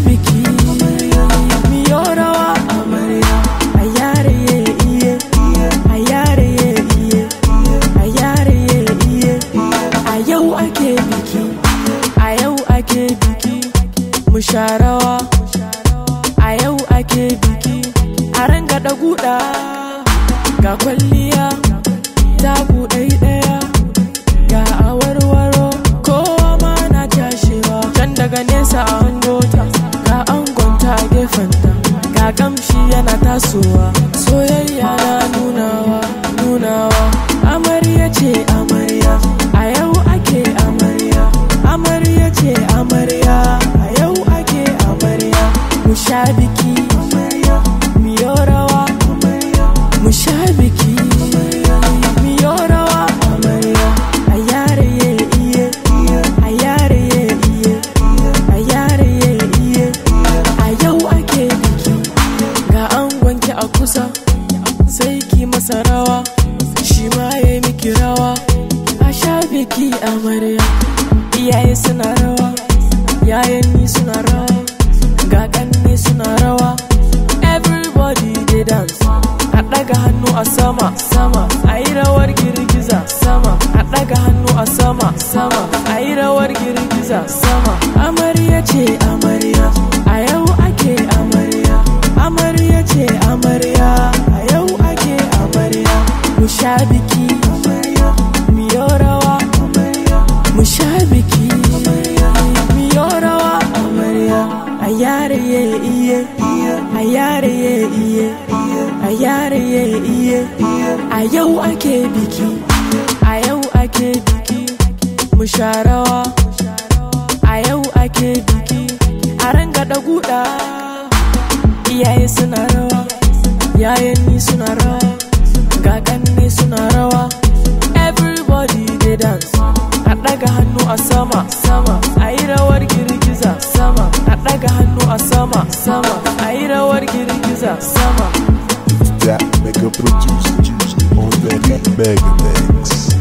biki a yau ake biki a yau ake biki a yau ake biki guda ga kwalliya ta buɗe ga awarwaro kowa ma na tashewa can daga nesa a na tasowa soyayya na nunawa nunawa amarya ce amarya a yau ake amarya amarya ce amarya a yau ake amarya mu sha biki mu yi rawa mu sha biki masa rawa shi ma ya miki rawa a sha biki amarya iyaye suna rawa ni suna rawa gaganni suna rawa everybody dey dance a ɗaga hannu a sama sama a yi rawar girgiza sama a ɗaga hannu a sama sama a yi rawar girgiza sama amarya ce amarya sha biki miyo rawa mu iye a iye a iye a yau ake biki a yau ake biki musharawa, sha a yau ake biki a ranga da guda iyaye suna rawa yayan ni suna rawa ɗaga hannu a sama sama a rawar girgiza sama a ɗaga hannu a sama sama a rawar girgiza sama It's that mega producer on the mega mix